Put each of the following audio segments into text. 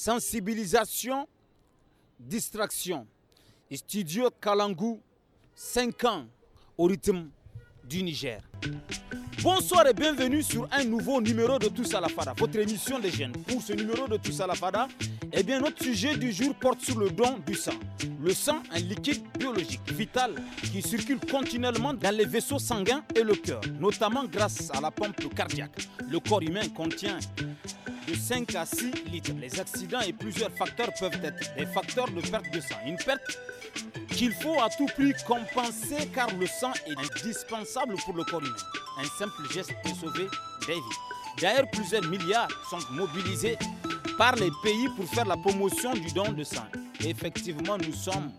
sensibilisation, distraction. Studio Kalangu, 5 ans au rythme du Niger. Bonsoir et bienvenue sur un nouveau numéro de Tous à la Fada, votre émission des jeunes. Pour ce numéro de Tous à la Fada, eh bien, notre sujet du jour porte sur le don du sang. Le sang, un liquide biologique vital qui circule continuellement dans les vaisseaux sanguins et le cœur, notamment grâce à la pompe cardiaque. Le corps humain contient de 5 à 6 litres. Les accidents et plusieurs facteurs peuvent être des facteurs de perte de sang. Une perte qu'il faut à tout prix compenser car le sang est indispensable pour le corps humain. Un simple geste peut sauver des vies. D'ailleurs, plusieurs milliards sont mobilisés par les pays pour faire la promotion du don de sang. effectivement, nous sommes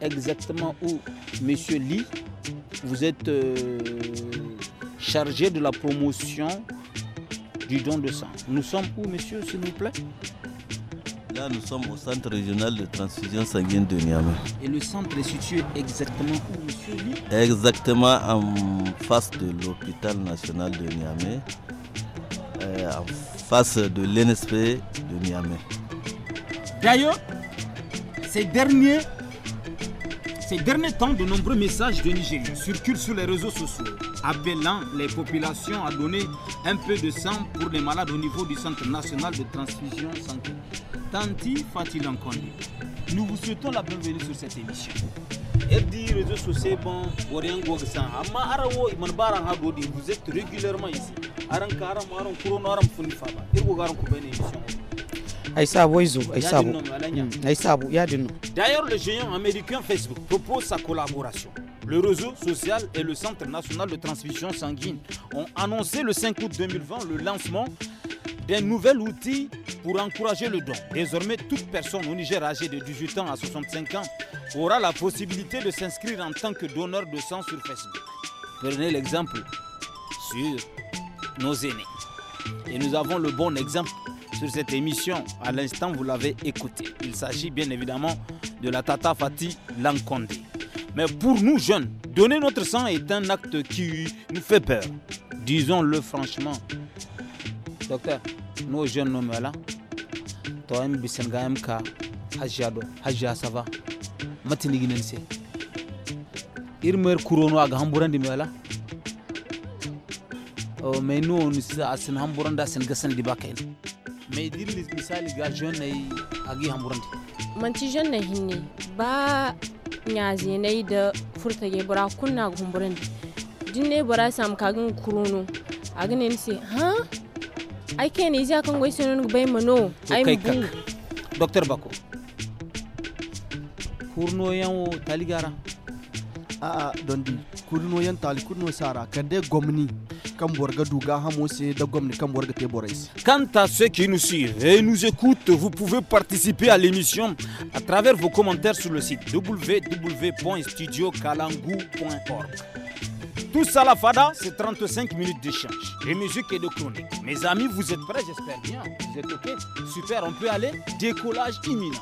exactement où Monsieur Lee, vous êtes euh, chargé de la promotion du don de sang. Nous sommes où, monsieur, s'il vous plaît nous sommes au centre régional de transfusion sanguine de Niamey. Et le centre est situé exactement où, monsieur Exactement en face de l'hôpital national de Niamey, euh, en face de l'NSP de Niamey. D'ailleurs, ces derniers, ces derniers temps, de nombreux messages de Niger circulent sur les réseaux sociaux appelant les populations à donner un peu de sang pour les malades au niveau du Centre national de transfusion sanguine. Tanti Fatih Lankondi. Nous vous souhaitons la bienvenue sur cette émission. Erdi réseaux sociaux bon Gorien Gogsan amma arawo iman baran hagodi vous êtes régulièrement ici aran karam aran kuro noram funi faba irgo garan ku bene émission ay sabo izo ay sabo ay sabo mm, D'ailleurs le géant américain Facebook propose sa collaboration le réseau social et le Centre national de transfusion sanguine ont annoncé le 5 août 2020 le lancement d'un nouvel outil pour encourager le don. Désormais, toute personne au Niger âgée de 18 ans à 65 ans aura la possibilité de s'inscrire en tant que donneur de sang sur Facebook. Prenez l'exemple sur nos aînés. Et nous avons le bon exemple sur cette émission. À l'instant, vous l'avez écouté. Il s'agit bien évidemment de la Tata Fati Lankonde. Mais pour nous jeunes, donner notre sang est un acte qui nous fait peur. Disons-le franchement. Docteur. no jeune no mela to am bisen ga am ka hajja do hajja sava matini ginen se ir mer kurono aga hamburandi mela o me no ni sa asin hamburandi sen gasan dibakain. bakain me dirli misali ga jeune ay agi hamburandi manci jeune hinni ba Nyaazi nay da furtage bura kunna humburandi dinne bura sam kagin kurono agin se ha huh? ai kai ne ja kan gwai sunan bai no ai mu bu Docteur bako kurno yanwo taligara a a dondi kurno yan tali kurno sara kan Gomni gwamni kan borga duga hamose da gomni kan borga te borais quant à ceux qui nous suivent et nous écoutent vous pouvez participer à l'émission à travers vos commentaires sur le site www.studiokalangu.org tout ça, la fada, c'est 35 minutes d'échange. Les musiques et de chronique. Mes amis, vous êtes prêts J'espère bien. Vous êtes OK Super, on peut aller. Décollage imminent.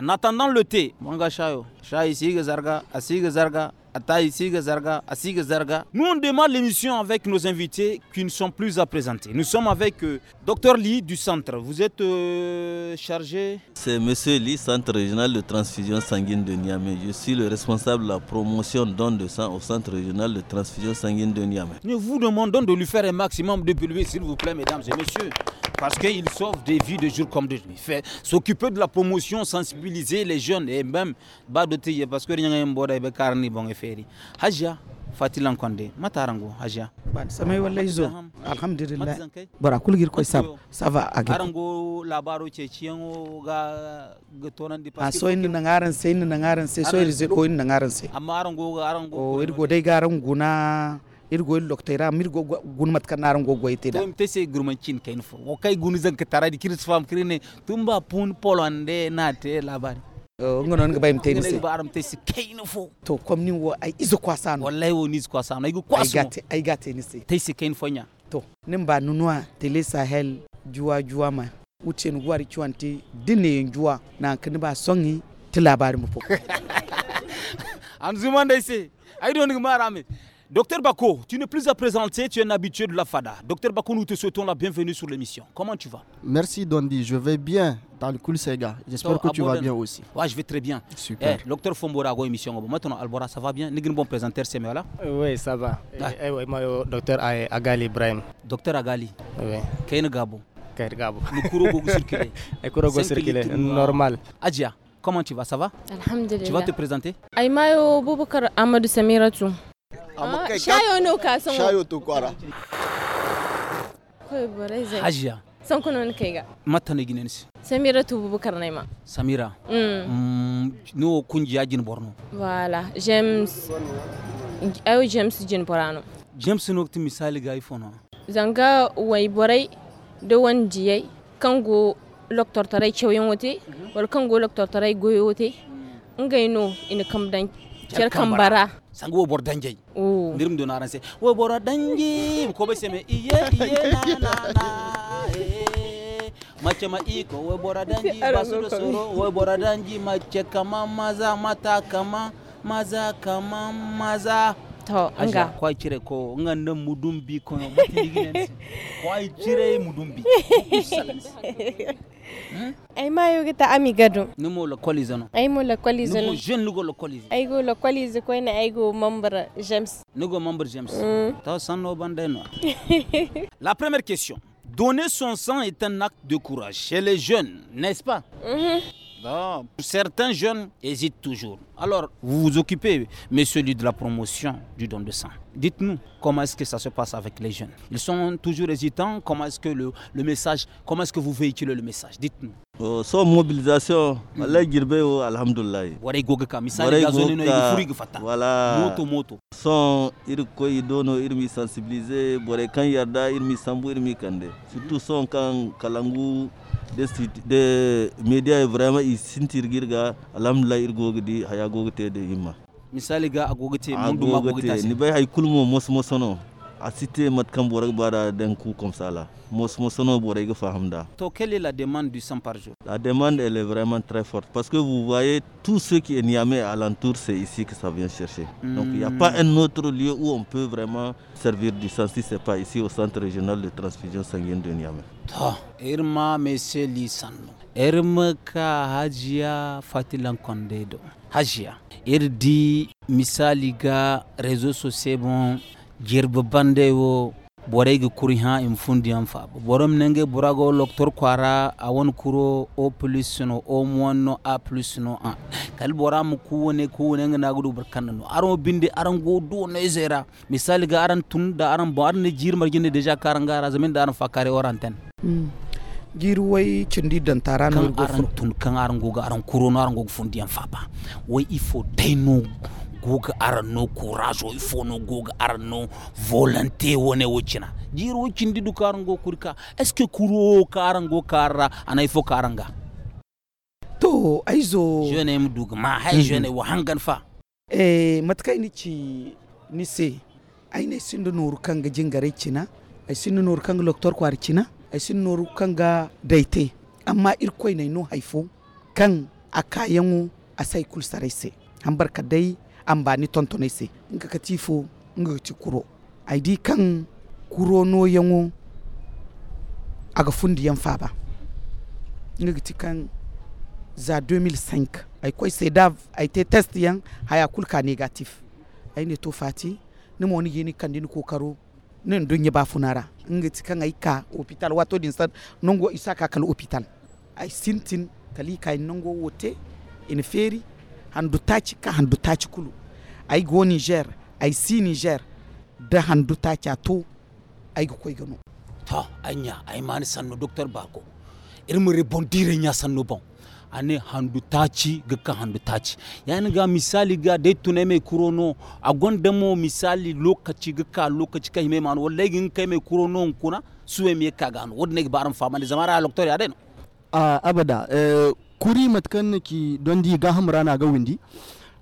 En attendant le thé, Manga ici Chayo, Zarga, Zarga, nous, on demande l'émission avec nos invités qui ne sont plus à présenter. Nous sommes avec euh, docteur Dr du centre. Vous êtes euh, chargé C'est Monsieur Li, centre régional de transfusion sanguine de Niamey. Je suis le responsable de la promotion don de sang au centre régional de transfusion sanguine de Niamey. Nous vous demandons de lui faire un maximum de bullets, s'il vous plaît, mesdames et messieurs parce qu'il sauve des vies de jour comme de nuit. Fait, S'occuper de la promotion, sensibiliser les jeunes et même badoter parce que rien n'est bon avec eh ben, carni bon effet. Eh, haja fatilan konde matarango haja ban samay wallahi zo alhamdulillah Barakoul kulgir koy Ça va, age arango la ce ciyango ga gatonan di parce ah, que na ngaran sai na ngaran sai so rizqo na se. sai ah, amma arango arango o oh, irgo dai garan irgoy loktayra mirgo gunmat kanar go da tom tese chin kain fo o kai gunizan katara di kiris fam kirine tumba pun polonde nate labari eh, ngono ngi bayim teni se baram tesi kain fo to kom ni wo ay izo kwasano wallahi wo niz kwasano ay go kwasano ay gate ay gate ni se tesi kain fo nya to nimba nunwa tele sahel juwa juwa ma uten gwari chwanti dine juwa na kaniba songi ti labari mu fo an zuma dai se ai don ga marame Docteur Bako, tu n'es plus à présenter, tu es un habitué de la FADA. Docteur Bako, nous te souhaitons la bienvenue sur l'émission. Comment tu vas Merci Dondi, je vais bien. Tal cool Sega. J'espère que tu vas bien aussi. Ouais, je vais très bien. Super. Eh, docteur Fomborago, émission. Maintenant, Albora, ça va bien es un bon présentateur, c'est là euh, Oui, ça va. Eh, eh euh, docteur Agali Ibrahim. Docteur Agali Oui. Kain Gabo. Kain Gabo. Le couro circulé. Le couro normal. Adia, comment tu vas Ça va Alhamdulillah. Tu vas te présenter euh, Boubacar Amadou amma kai shayo no ka san shayo to kwara kai bare zai hajiya san kuna wani kai ga mata na ginin si samira tu bubukar na ma samira mm, mm no kungiya jin borno wala james ayo james jin borano james no ti misali ga iphone zanga wai borai do wan jiyai kango loktor tarai chewyen wote mhm. wal kango loktor tarai goyo wote mm. ngai no ina kam dan cer bara. sanga wo bor danjey ndirum do naran se wo bor danji ko be seme iye iye na na na eh. mace ma iko wo bor danji basu do soro wo bor danji mace kama maza mata kama maza kama maza to nga ko ay cire ko ngandam mudum bi ko mati diginen ko ay cire mudum bi ay ma yoge ta ami gado numo lo kolizo no ay mo lo kolizo no jeune nugo lo kolizo ay go lo kolizo ko ne ay go membre james nugo membre james mm. ta sanno bande no la première question donner son sang est un acte de courage chez les jeunes n'est-ce pas mm -hmm. Non. Certains jeunes hésitent toujours. Alors, vous vous occupez, mais celui de la promotion du don de sang. Dites-nous, comment est-ce que ça se passe avec les jeunes Ils sont toujours hésitants. Comment est-ce que le, le message, comment est-ce que vous véhiculez le message Dites-nous. Oh, so mobilisation wallahi hmm. oh, girbe Voilà. alhamdulillah moto moto Sans ir quoi idono ir mi sensibiliser bore kan yarda sambu kande surtout son kan kalangu de media vraiment i sintir girga alhamdulillah irgoga di haya goga te de imma misali ga agogate mun duma gogata ni bai hay kulmo mos mosono a matkan d'un coup comme ça là quelle est la demande du sang par jour La demande, elle est vraiment très forte. Parce que vous voyez, tout ce qui est Niamey alentour, c'est ici que ça vient chercher. Donc il n'y a hmm. pas un autre lieu où on peut vraiment servir du sang si ce n'est pas ici au centre régional de transfusion sanguine de Niamey. irma Monsieur lisano irma ka Hajia, fatilan kondedo Hajia. irdi misali réseau social bon jirba bande wo boreygi kuri ha in fundi an fa borom nenge burago loktor kwara won kuro o plus no o no a plus no a kal ku mu ku ne nga nagudu barkan no aro binde aran go do no zera misali ga aran tun da aran bar ne jir marginde deja karangara zamin da aran fakare oranten mm. jiru wai cindi dantara no kan aran tun kan aran go ga aran kuro no aran go fa ba wai ifo tenu goga aranno courage o il faut no goga aranno volonté wone woccina jiro woccindi du karango kurka est ce que kuro karango karra ana il faut karanga to aizo jeune mu duga ma hay mm-hmm. jeune wo hangan fa eh matkai ni ci ni se ay ne sindu noru kanga jingare cina ay sindu noru kanga docteur kwar cina ay sindu noru kanga daite amma irkoi ne no haifo kan a kayan a sai kulsarai se hambar ka dai an ba ni tontone se nga ka ti nga ka kuro ay di kan kuro no yango aga fundi yan fa nga ka kan za 2005 ay koy se dav ay te test yan haya ka negatif ay ne to fati ni mo ni yini kan ni kokaro nin dun yi ba funara nga ti kan ay ka hospital wato din sad nongo isaka kal hospital ay sintin kali kai nongo wote in feri handu tachi ka handu tachi kulu ay go niger ay si niger da handu ta kyato ay go koy gano to anya ay maani sannu docteur bako irmu rebondire nya sannu bon ane handu taci gika handu taci yani ga misali ga dai tunai mai kuro no a gwanda mo misali lokaci gika lokaci kai mai manu wallahi gin kai mai no kuna suwe mai ka gano wadda ne baran fama ne zama ra ya adai a ah, abada eh, kuri matkan ki don di ga hamra na ga windi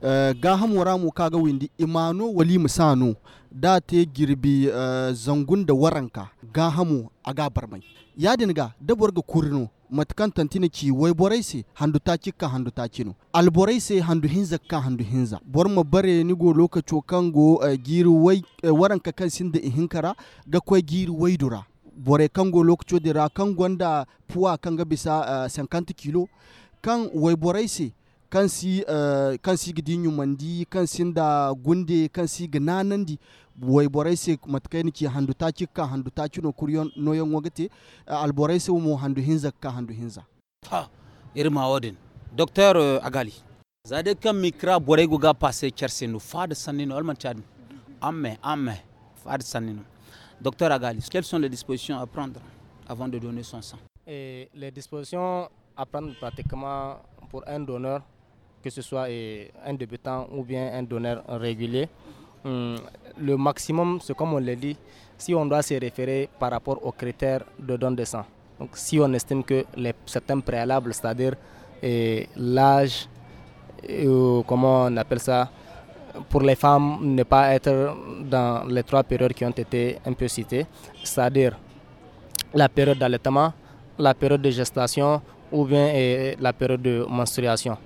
Eh, ga hamura mu kaga windi imano wali musano da ta girbi eh, zangun da waranka ga hamu a gabar mai ya dinga dabar ga kurino matakan tantini ci wai borai se handu ta cika handu ta cino alborai se handu hinza ka handu hinza bor ma bare ni go lokaco kan go giri eh, giru wai waranka kan sin da ihinkara ga kwai giru wai dura bore kan go lokaco dira kan gonda puwa kan ga bisa 50 kilo kan wai borai se kansi uh, eh, kansi gidi nyumandi kansin da gunde kansi gananandi way boray se matkayni ki handu taci ka handu taci no kuryon no yon wagati uh, eh, al boray se mo handu hinza ka handu hinza ha irma wadin docteur uh, agali zade kan mikra boray guga passe kersenu fad sanino alman chad amme amme fad sanino docteur agali quelles sont les dispositions à prendre avant de donner son sang Et les dispositions à prendre pratiquement pour un donneur que ce soit eh, un débutant ou bien un donneur régulier. Hmm, le maximum, c'est comme on le dit, si on doit se référer par rapport aux critères de don de sang. Donc, si on estime que les, certains préalables, c'est-à-dire eh, l'âge, eh, ou comment on appelle ça, pour les femmes, ne pas être dans les trois périodes qui ont été un peu citées, c'est-à-dire la période d'allaitement, la période de gestation ou bien la période de menstruation.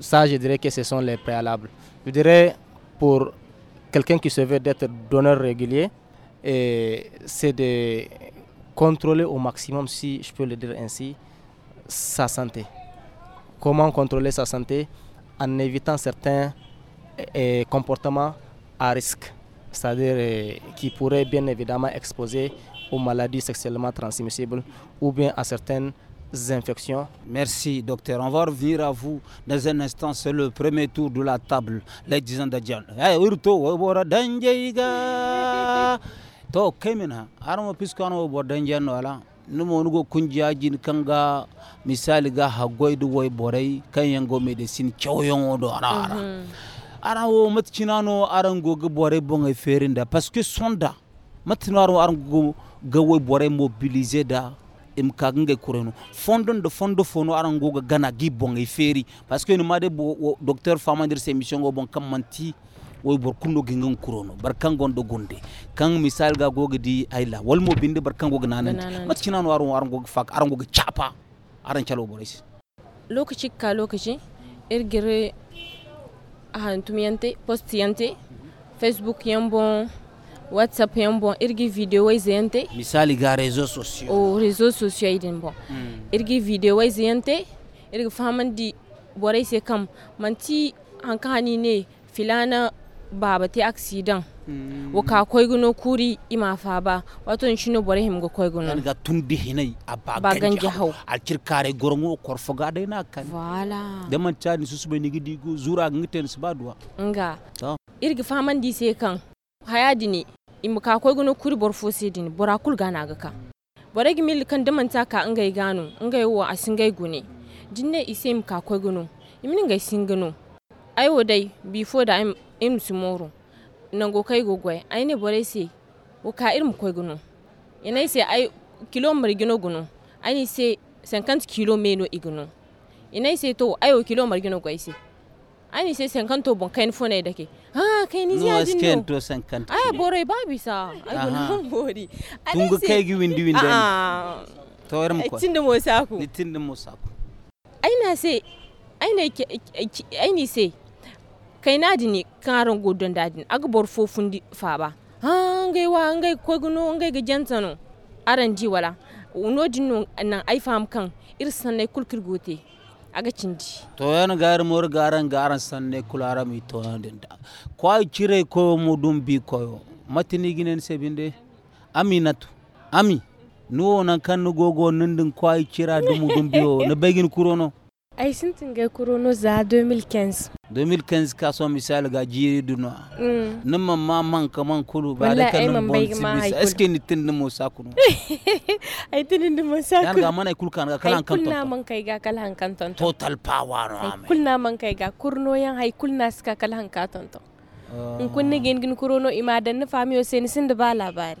Ça, je dirais que ce sont les préalables. Je dirais pour quelqu'un qui se veut d'être donneur régulier, c'est de contrôler au maximum, si je peux le dire ainsi, sa santé. Comment contrôler sa santé En évitant certains eh, eh, comportements à risque, c'est-à-dire eh, qui pourraient bien évidemment exposer aux maladies sexuellement transmissibles ou bien à certaines infections. Merci, docteur. On va revenir à vous dans un instant. C'est le premier tour de la table. Les disants de Diane. Eh, to kaimina har ma fiska no bo danjan no ala numo nugo kunja jin kanga misali ga ha du wai borai kan yango medicine chawyon do ara ara mhm. ara wo matchina no arango ga borai bon ai ferinda parce que sonda matinaro arango ga wai borai mobiliser da im kaginga kureno fondon do fondo fono aran goga gana gi bonga feri parce que no made bo docteur famandir se mission go bon manti wo bor kundo gingan kurono bar kan do gonde kan misal ga goga di ayla wal mo binde bar kan goga nanan mat kinan waro aran goga fak aran goga chapa aran chalo boris lokaci ka lokaci irgire ahantumi yante postiyante mhm. facebook yan bon whatsapp yan bon irgi video wa zayante misali ga rezo sosio o oh, rezo sosio din bon mm. irgi video wa zayante irgi faman di borai se kam manti hankani ne filana baba te accident mm. waka guno kuri ima fa ba wato shino borai him go guno ga tumbi hinai aba ba ganja haw al kirkare gormo korfo ga dai na kan wala da man tani susu be nigi digo zura ngiten su ba duwa nga irgi faman di se kan hayadi ne In ka koy gono kuri bor fose din bora kul gana ga ka bora gi mil kan ta ka ngai gano ngai wo gai gune jinne ise im ka koy gono imin ngai gano ai wo dai before da im im tomorrow nan go kai go gwai ai ne bora se wo ka irin koy gano ina ise ai kilo mar gino gano ai ne se 50 kilo meno igno ina ise to ai wo kilo mar gino gwai se ani se senkanto bon kain fone dake ha kai ni ya dinno no to senkanto ay borai babi sa ay gon bori ga kai gi windi windi to mu ko da mo saku ni da mo saku ai na se ai na ai ni sai kai na dini karon godon dadin aga bor fofundi fa ba ha ngai wa ngai ko gno ngai ga jantano aran ji wala uno dinno nan ai fam kan irsan ne kulkir gote aga cindi toyan gar mor garan garan sanne kulara mi to toyan da kwa kire ko mudum bi ko matini ginen se binde aminatu ami nuwo nan kan gogo nindin kwa kira dum dum biyo na begin kurono ai sun tinga kurono za 2015 2015 ka so misal ga jiri duno mm. nan man ma man kaman kulu ba da kan bon sibis eske ni tin mo sa kuno ai tin din mo sa kuno ga mana kul kan ga kalan kan to kulna man kai ga kalan kan to total power no ame kulna man kai ga kurno yan hai kulna ska kalan kan to in kun ni gin gin kurono imadan ni famiyo sen sin da ba labari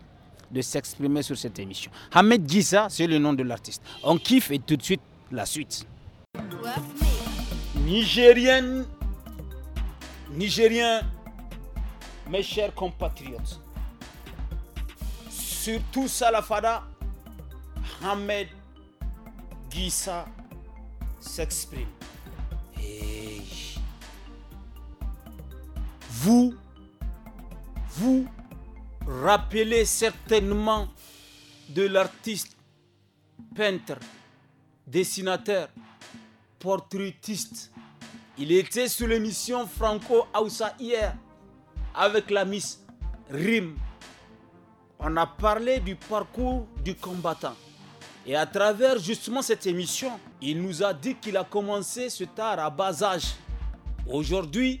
de s'exprimer sur cette émission. Hamed Gissa, c'est le nom de l'artiste. On kiffe et tout de suite la suite. Nigérienne, Nigérien, mes chers compatriotes, surtout Salafada, Hamed Gissa s'exprime. Vous, vous rappeler certainement de l'artiste, peintre, dessinateur, portraitiste. Il était sur l'émission Franco Aoussa hier avec la Miss Rim. On a parlé du parcours du combattant. Et à travers justement cette émission, il nous a dit qu'il a commencé ce tard à bas âge. Aujourd'hui,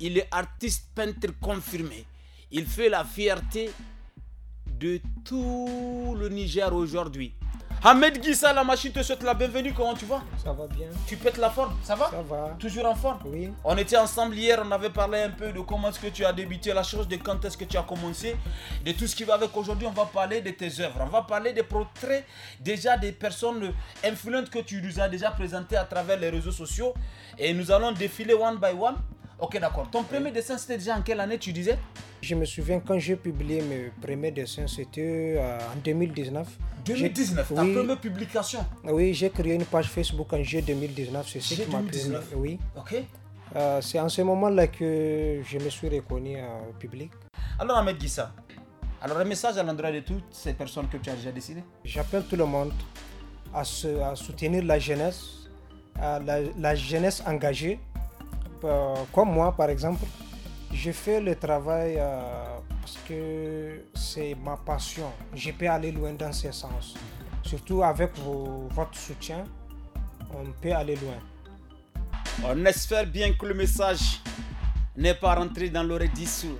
il est artiste peintre confirmé. Il fait la fierté de tout le Niger aujourd'hui. Ahmed Guissa, la machine te souhaite la bienvenue. Comment tu vas Ça va bien. Tu pètes la forme Ça va Ça va. Toujours en forme Oui. On était ensemble hier, on avait parlé un peu de comment est-ce que tu as débuté la chose, de quand est-ce que tu as commencé, de tout ce qui va avec. Aujourd'hui, on va parler de tes œuvres. On va parler des portraits déjà des personnes influentes que tu nous as déjà présentées à travers les réseaux sociaux. Et nous allons défiler one by one. Ok, d'accord. Ton premier dessin, c'était déjà en quelle année tu disais Je me souviens quand j'ai publié mes premiers dessins, c'était euh, en 2019. 2019, ta première publication Oui, j'ai créé une page Facebook en juillet 2019, c'est ce qui m'a Oui. Ok. Euh, c'est en ce moment-là que je me suis reconnu euh, au public. Alors, Ahmed Gissa, alors un message à l'endroit de toutes ces personnes que tu as déjà décidées J'appelle tout le monde à, soutenir la jeunesse, la jeunesse engagée euh, comme moi par exemple, je fais le travail euh, parce que c'est ma passion. Je peux aller loin dans ce sens. Surtout avec votre soutien, on peut aller loin. On espère bien que le message n'est pas rentré dans l'oreille d'Issou.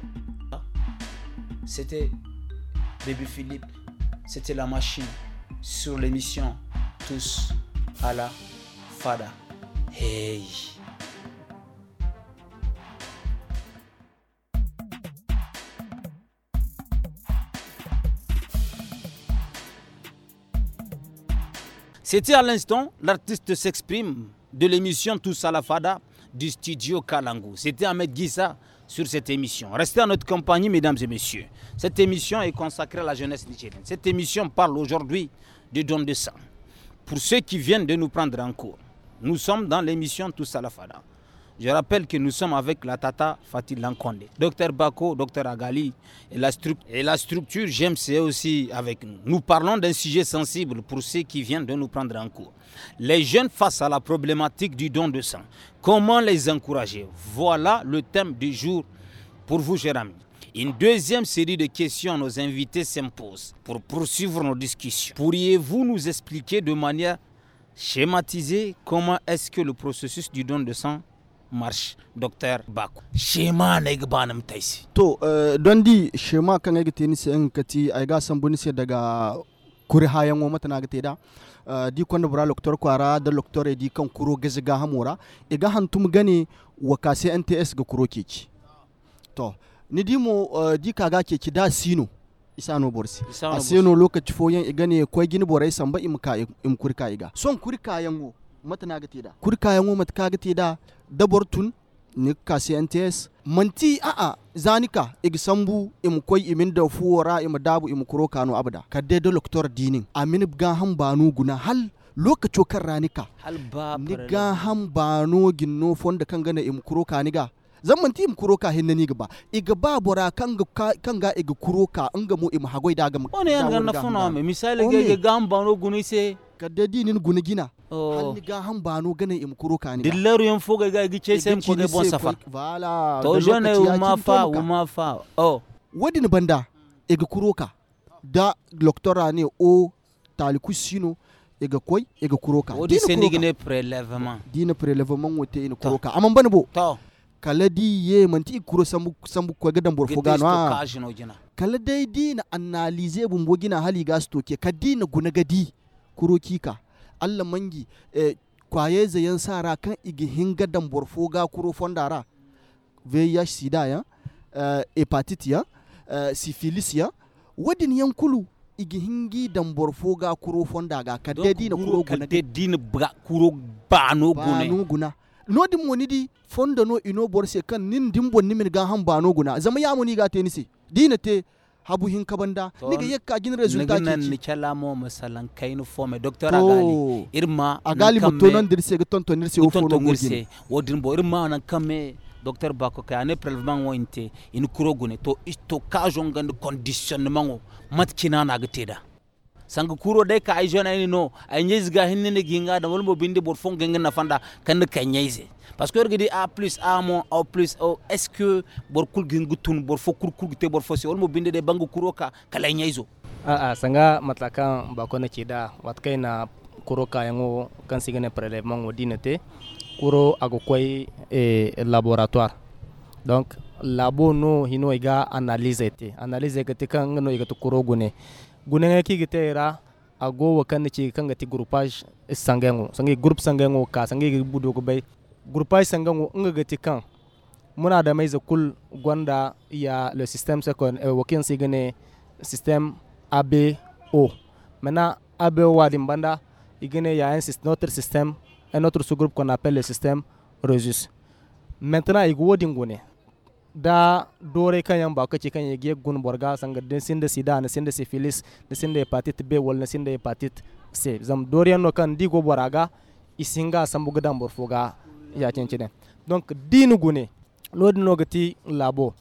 C'était Bébé Philippe, c'était la machine sur l'émission Tous à la Fada. Hey! C'était à l'instant, l'artiste s'exprime de l'émission Tous Fada du studio Kalangu. C'était Ahmed Guissa sur cette émission. Restez en notre compagnie, mesdames et messieurs. Cette émission est consacrée à la jeunesse nigérienne. Cette émission parle aujourd'hui du don de sang. Pour ceux qui viennent de nous prendre en cours, nous sommes dans l'émission Tous Fada. Je rappelle que nous sommes avec la Tata Fatih Lankonde. Docteur Bako, Docteur Agali et la, et la structure GMC aussi avec nous. Nous parlons d'un sujet sensible pour ceux qui viennent de nous prendre en cours. Les jeunes face à la problématique du don de sang. Comment les encourager Voilà le thème du jour pour vous, amis. Une deuxième série de questions à nos invités s'impose pour poursuivre nos discussions. Pourriez-vous nous expliquer de manière schématisée comment est-ce que le processus du don de sang marche docteur bako shema na ga banam taisi to uh, don di shema kan ga sai en kati ai ga san bunse daga kuri hayan wa mata ga teda uh, eh, di kwanda bura doctor kwara da doctor di kan kuro gazi ga hamura e ga hantum gane wa kase nts ga kuro keki to ni di mu uh, di kaga keki da sino isano borsi isano a sino lokaci foyan e gane ko gini borai samba imka imkurka iga son kurka yango matana ga teda kurka yan womat ka ga teda dabortun ni ka CNTS manti a'a zanika igsambu imkoi imin da fuwara im dabu im kuro kano abda kadde da doktor dinin amin ga han banu guna hal lokaco kan ranika ni ga han bano ginno fonda kan gana im kuro zan manti tim kuro ka hinna ni gaba iga ba bora kanga kanga iga kuro ka anga mu im hagoi daga mu ona yan ganna fono me misali ge ge gamba no guni sai. kadda dinin nin guna gina oh. hanni ga han bano gane im kuro kani dillaru yan foga ga gice sai ko ga bon safa wala to jona ma fa ma fa oh wadin banda e ga kuro ka da doctora ne o taliku sino e ga koi e ga kuro ka wodi ni gine prelevement dina prelevement wote e in kuro ka amma banbo bo to kala di ye manti kuro sambu sambu ko ga dan borfo gano kala dai di na analyser bumbo gina hali gas stoke ka di na guna gadi kurokika allah mangi eh, kwaye zayen sara kan igi hinga dan ga kuro fondara vih sida ya eh, hepatitis ya eh, syphilis ya wadin yankulu igi hingi dan ga kuro fonda ga kadde dina kuro guna kadde na ba kuro bano guna bano guna no di moni di fonda no ino borse kan nin dimbo nimin ga han bano guna zama ya moni ga tenisi dina te habu hin kabanda ni ga yakka gin resultat ki nan ni chala mo masalan kainu me doctor agali irma agali mo tonon dirse ga tonton dirse o fono wo wodin bo irma nan kamme docteur bako ka ne prelevement wo inte in kuro gune to isto ka ndu conditionnement o mat kinana ga teda sangu kuro de ka ay jona ni no ay nyes ga hinne ne ginga da wolmo bindi bor fon gengen na fanda kan ka nyese parce que regardez a plus a moins a plus o est-ce que bor kul gingu tun bor fo kur kur te bor fo se wolmo bindi de bangu kuro ka kala nyeso a a sanga matlakan ba ko na cida wat kai na kuro ka yango kan sigene prelevement o dinete kuro ago koy e laboratoire donc labo no hino iga analyse te analyse ke te kan no iga to kuro gune gunenge ki gite ra ago wakan ci kan gati groupage sangengo sangi group sangengo ka sangi budo go bay groupage sangengo nga gati kan muna da mai zakul gwanda ya le system second e eh, wakin si gane system abo mana abo wadin banda igene ya un notre système un autre sous-groupe qu'on appelle le système Rhesus maintenant igu wodin gune da dore yan ba ce kan yage gun borga sanga sin da sida na da syphilis da hepatit B wal na da hepatit C zam dore no kan di go boraga isinga sambu gadan borfoga ya cenci den donc dinu gune lo no gati labo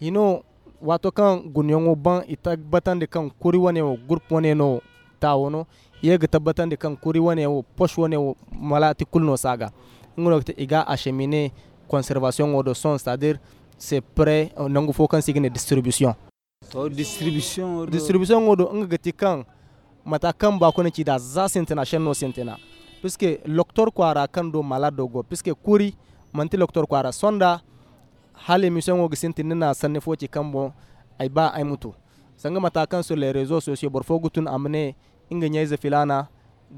ino wato kan gunyongo ban ita de kan kuri wane wo group wane no ga yega de kan kuri wane wo posh wane wo malati kulno saga ngono gati iga acheminer conservation wo do son c'est-à-dire c'est prêt nangu fo kan signe distribution to distribution do distribution ngodo nga gati kan mata kan ba ko ci da za sentena shenno sentena puisque docteur kwara kan do malade go puisque kuri manti docteur kwara sonda hali mission go sentena na sanne fo ci kan bo ay ba ay mutu sanga mata kan sur les réseaux sociaux bor fo gutun amne inga nyaiza filana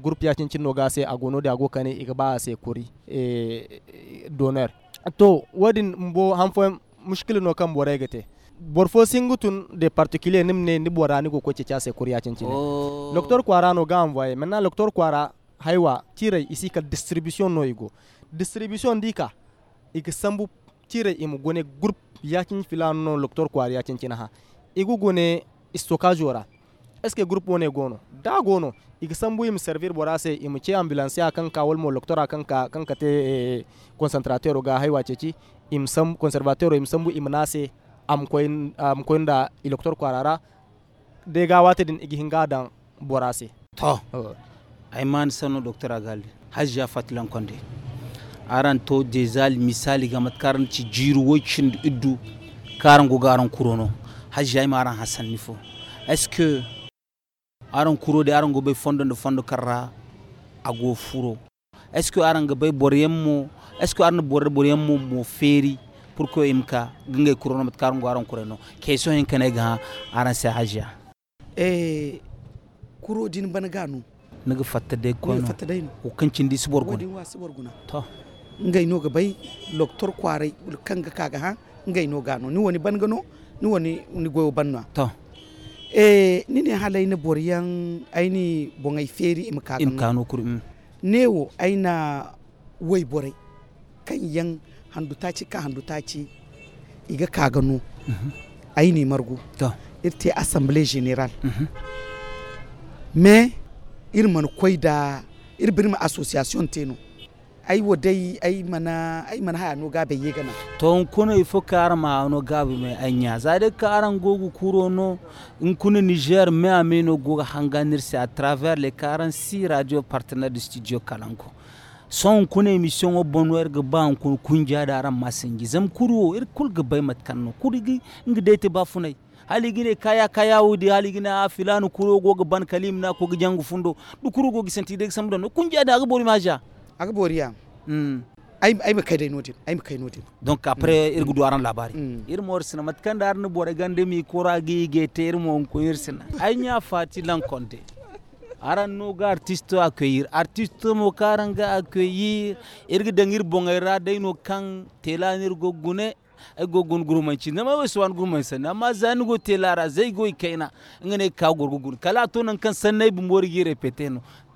groupe ya cincin no gase a gono da go kane iga ba se kuri e, donor to wadin mbo hanfo mushkil no kam bore gete bor fo singutun de particulier ne ni borani ko koche chase kuriya cincine oh. docteur kwara no ga envoyer maintenant docteur kwara haywa tire isi ka distribution no igo distribution dika iga sambu tire imu gone group yakin filan no docteur kwara yakin cina ha igu gone stockage ora est ce que groupe one gono da gono iga sambu im servir borase imu che ambulance akan ka wal mo docteur akan ka kan ka te eh, concentrateur ga haywa ceci im sam conservateur im sambu imnase am koin am koin da elector kwarara de ga wata din igi hinga dan borase to oh. ay man sanu docteur agalde hajja fatlan konde aran to de zal misali ga mat ci jiru wocin iddu karan gu garan kurono hajja ay aran hasan nifo est ce que aran kuro de aran go be fondo de fondo karra ago furo est ce que nga bay boryen mo est ce que arna bor boryen mo mo feri pour que imka gangay kurono mat karngo aran kureno question hin kane ga aran sa haja eh kuro din ban ganu naga fatta dai ko no fatta dai no hukancin di subor gona wadin wa subor gona to ngai no ga bai kware ul kanga ga ha ngai no ganu ni woni ban gano ni woni ni goyo banna to eh ni ne bor na ayni bo ngay feri imka no kurum mm. newo aina wai kan yan handu ta ci ka handu ta ci iga ka gano mhm. aini margo irte assemblée general mais mhm. ir man da ir birma association teno ai wo dai ai mana ai mana haya no gabe yi gana to in kuna ifo kar ma no gabe mai anya za da karan gogu kuro no in kuna Niger me ameno goga hanganir se a travers le karan si radio partner du studio Kalanko son kuna emission o bonwer ga ba an kun kunja da ran masingi zam kuro ir er kul ga bai matkan no kurigi inga dai ba funai gine kaya kaya wudi hali gine a filanu kuro goga ban kalim na ko jangu fundo du kuro gogi senti de samdo no kunja da ga bori maja aga boriya ay hmm. ay kay dai notin ay kay notin donc après hmm. ir gudu aran labari hmm. ir mor sina mat kan dar no bore gande mi koragi ge ter mo ko ir sina ay nya fati lan konte aran no ga artiste accueillir artiste mo karanga accueillir ir dangir bongaira no kan telanir go gune ay go gun na ma na ma go telara zai go kaina in ne ka gurgugun kala to nan kan sannai bu mori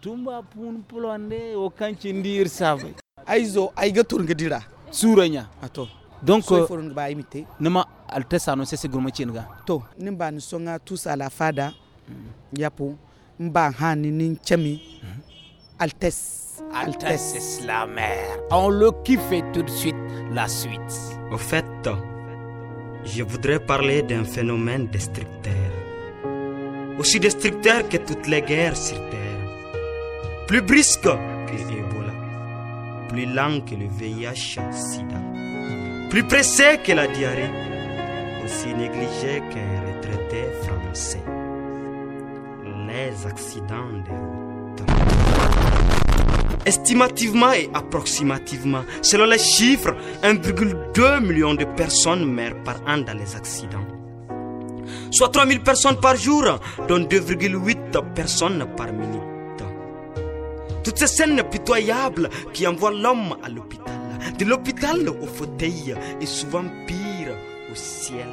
tumba pun pulonde o kanchi ndir savay aizo ay ga turnga dira suranya ato ah, donc so, foron ba imite nima altesa no se gurma chinga to nimba ni songa tous à la fada Yapu. yapo mba hani nin chami altesse la mère on le kiffe tout de suite la suite au fait je voudrais parler d'un phénomène destructeur aussi destructeur que toutes les guerres sur terre plus brisque que Ebola, plus lent que le VIH-Sida, plus pressé que la diarrhée, aussi négligé qu'un retraité français. Les accidents de... route. Estimativement et approximativement, selon les chiffres, 1,2 million de personnes meurent par an dans les accidents soit 3 000 personnes par jour, dont 2,8 personnes par minute. Toutes ces scènes pitoyables qui envoient l'homme à l'hôpital, de l'hôpital au fauteuil et souvent pire au ciel,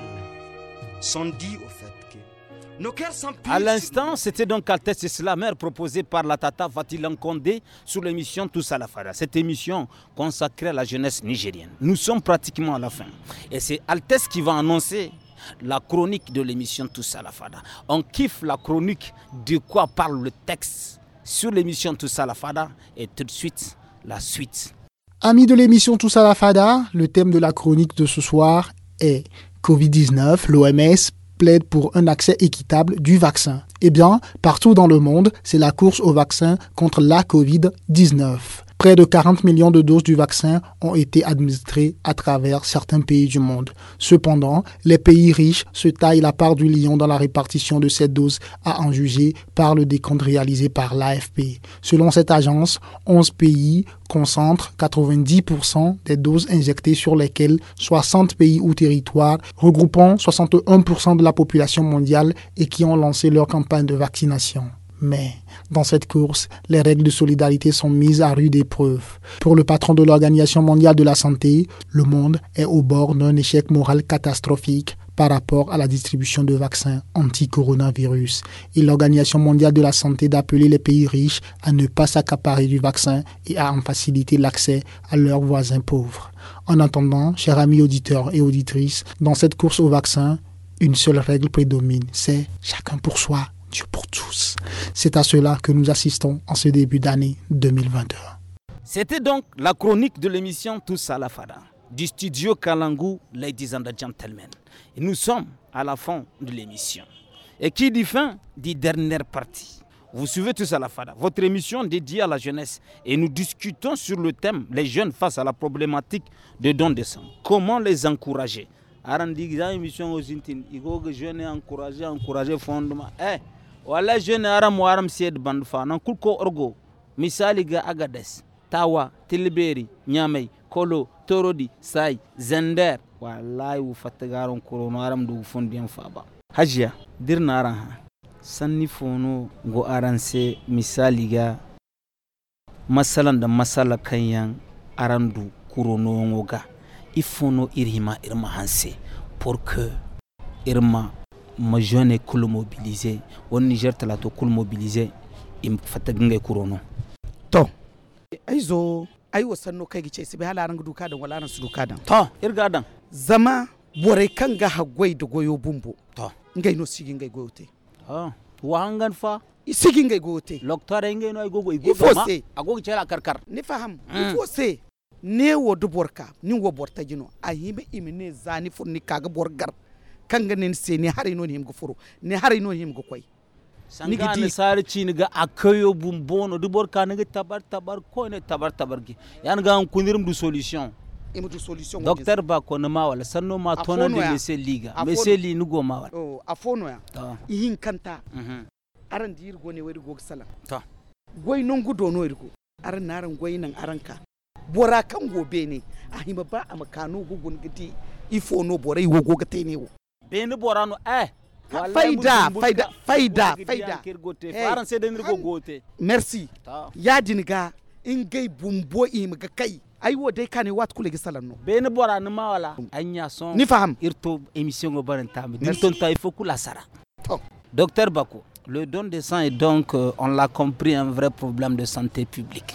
sont dites au fait que nos cœurs À l'instant, c'était donc Altesse Islamère proposée par la Tata Vatilan Condé sur l'émission Tous à la Fada. Cette émission consacrée à la jeunesse nigérienne. Nous sommes pratiquement à la fin. Et c'est Altesse qui va annoncer la chronique de l'émission Tous à la Fada. On kiffe la chronique de quoi parle le texte sur l'émission Tout ça la Fada et tout de suite la suite. Amis de l'émission Tout ça la Fada, le thème de la chronique de ce soir est Covid-19, l'OMS plaide pour un accès équitable du vaccin. Eh bien, partout dans le monde, c'est la course au vaccin contre la Covid-19. Près de 40 millions de doses du vaccin ont été administrées à travers certains pays du monde. Cependant, les pays riches se taillent la part du lion dans la répartition de cette dose, à en juger par le décompte réalisé par l'AFP. Selon cette agence, 11 pays concentrent 90% des doses injectées sur lesquelles 60 pays ou territoires regroupant 61% de la population mondiale et qui ont lancé leur campagne de vaccination. Mais dans cette course, les règles de solidarité sont mises à rude épreuve. Pour le patron de l'Organisation mondiale de la santé, le monde est au bord d'un échec moral catastrophique par rapport à la distribution de vaccins anti-coronavirus. Et l'Organisation mondiale de la santé d'appeler les pays riches à ne pas s'accaparer du vaccin et à en faciliter l'accès à leurs voisins pauvres. En attendant, chers amis auditeurs et auditrices, dans cette course au vaccin, une seule règle prédomine, c'est chacun pour soi pour tous. C'est à cela que nous assistons en ce début d'année 2021. C'était donc la chronique de l'émission Tous à la Fada du studio Kalangu, Ladies and Gentlemen. nous sommes à la fin de l'émission. Et qui dit fin dit dernière partie. Vous suivez tous à la FADA, votre émission dédiée à la jeunesse. Et nous discutons sur le thème Les jeunes face à la problématique de don de sang. Comment les encourager Arandi émission aux jeunes encourager, encourager fondement. Eh, wala jeune aram waram sed bandu fa nan kulko orgo misali ga agades tawa tilberi nyamay kolo torodi sai zender wallahi wu fatagaron korono aram du fondiyan fa ba hajiya dir nara ha sanni fono go aran se misali ga masalan da masala kanyan aran du no ngoga ifono irima irma hanse pour que irma majon ne kulu mobilize wani niger talato kulu mobilize in fatagin ga kurono to aizo zo ai kai gice su hala halaran duka dan wala walaran su duka dan to irga dan zama bore kan ga hagwai da goyo bumbo to ngai no sigin ngai goyote ha wa hangan fa isigin ngai goyote loktore ngai no ay gogo i gogo ma agogo chela karkar ni faham mm. ifo se ne wo duborka ni wo borta jino ahibe imine zani furni kaga borgar ne nen se ni ino non himgo furo ni hari ne himgo koy sanga ni chi ni ga bum bono du borka ne ga tabar tabar ko ne tabar tabar gi yan ga an kunirum du solution imu du solution docteur ba ko na mawal sanno ma tona de mese liga mese li ni go mawal oh afono ya hin kanta mhm. aran dir go ne wadi go salam ta goy non gudo no irgo aran naran goy nan aranka bora kan gobe ne a hima ba a makano gugun gidi ifo no borai wo goga ne wo deni borano eh fayda fayda fayda fayda faran sai deni go gote merci yadin ga in gai bumbo im ga kai aiwo dai kane wat kule gi salan no borano ma wala anya son ni faham irto emission go baran tam ni ta il faut kula sara oh. docteur bako le don de sang est donc euh, on l'a compris un vrai problème de santé publique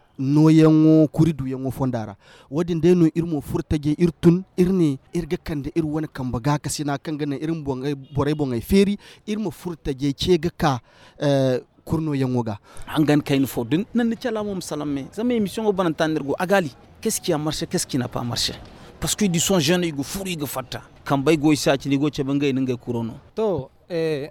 no yango kuridu yango fondara wadin de no irmo furtage irtun irni irga kande ir wani kamba ga kasina kanga na irin bonga borai bonga feri irmo furtage ce ga ka eh, kurno yango ga an gan kain fo din nan ni cala mom salamme zama emission go banan tanirgo agali qu'est-ce qui a marché qu'est-ce qui n'a pas marché parce que du son jeune igu furi igu fatta kambai go isa ci go ce bangai ningai kurono to eh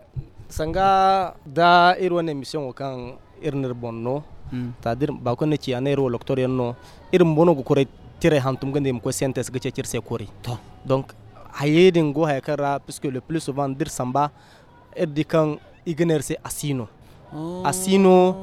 sanga da irwane mission kan irnir bonno c'est-à-dire ba ko ne ci anay ro docteur yanno irin bono go kore tire hantum gande ko sentes ga gace cirse to donc hayedin go haykara puisque le plus souvent dir samba et er di kan igner se asino oh. asino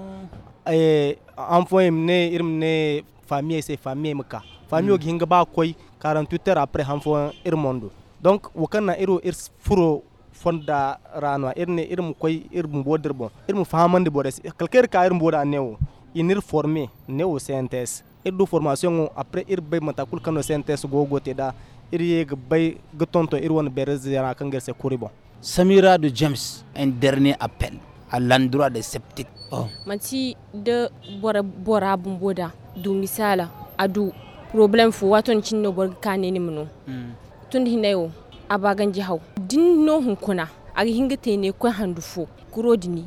eh enfant ne irim ne famille se famille mka famille mm. ginga ba koy 48 heures après enfant irmondo donc wakana iro ir furo fonda rano irne irmu koy irmu bodir bon irmu famande bodes kalker ka irmu boda newo inir forme ne o CNTS ir du formation après ir bay matakul kano CNTS go te da ir ye bay gatonto ir won bere zera kan gerse kuribo Samira de James un dernier appel à l'endroit des sceptiques oh. manti de bora bora bumboda du misala adu problème fo waton cinno bor kaneni mino mm. tun hinayo abaganji jihau din no hunkuna a hingate ne ko handu fo kurodini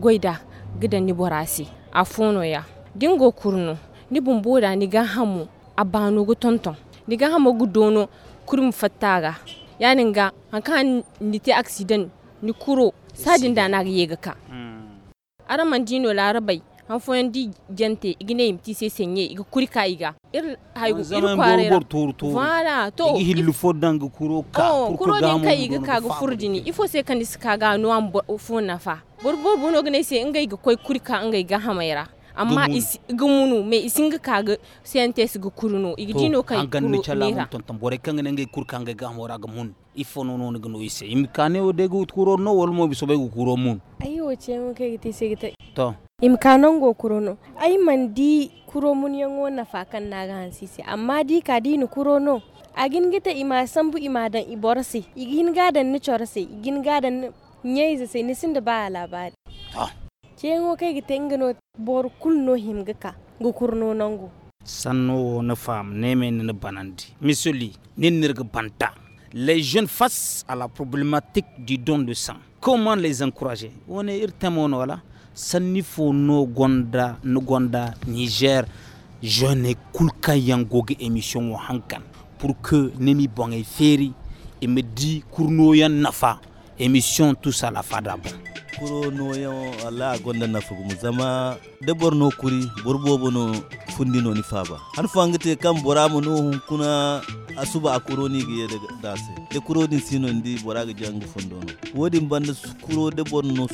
goida gidan ni borasi a fono ya dingo kurno ni boda ni ga hamu a bano gu tonton ni ga hamu gu dono kurum fattaga yanin ga hankan ni te accident ni kuro sadin da na yega ka hmm. araman dino larabai an fɔɲɔ di jɛn tɛ i gine yimi ti se sen ye i ka kuri ka i ka irvoila tohilifo dangi kuro ka kuro din ka i ga ka ga furu dini i fo se kandisi ka ga nu an fo nafa borbor bono gine se nga i ga koi kuri ka nga i ga hamayira amma iga munu ma isinga kaga sentes ga kurunu iga dino ka ganni chalamu tonton bore kanga nga kur kanga ga mora ga mun ifo no no ga no ise imkane o degu kuro no wol mo biso be kuro mun ayo che mo ke ti se gita to imkanongo kurono ai man di kuro munyango na fakan naga hansisi amma di ka di ni kurono agin gita ima bu ima dan iborsi igin gadan ni chorsi igin gadan ni ze sai ni da ba labari to ngo kai gita ingano bor kulno himgaka gu kurno nango sanno na fam neme ni banandi misuli ni nirga banta les jeunes face à la problématique du don de sang comment les encourager on est irtamono wala Sanifono no gonda no gonda niger jeune kulka yangoge émission o hankan pour que nemi bonge feri et me di kurnoyan nafa émission tout ça la fada kuro no y'o ala gonda na mu zama de borno kuri borbobo no fundi no ni faba an fangite kam boramu no hun kuna asuba a kuro ni ge da se de kuro din sino ndi boraga jangu fundo no wodi banda kuro de borno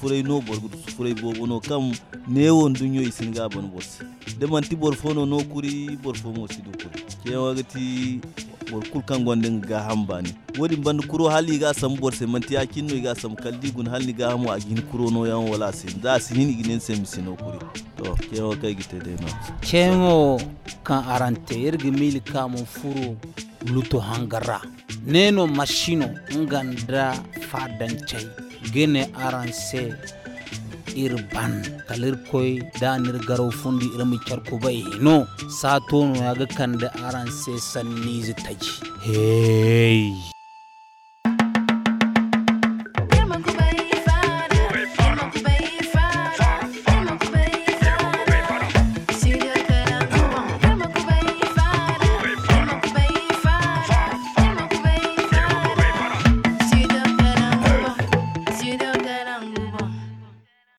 fure no bor su fure bobo no kam ne won dunyo isinga bon borsi de man ti borfo no no kuri bor mo si du kuri ke wagati wor kul kan gonde ga hambani wodi bandu kuro hali ga sam bor se manti akinno ga sam kaldi gun halni ga hamu agin kuro no yan wala sin da sinin iginen se sino kuri to kewo kai gite de no kemo kan arante irgi mil kamun furo luto hangara neno mashino nganda chai gene aranse ir ban kalir da nir garo fundi irmi charko bai no ya ga yaga da aran sai sanni zitaji hey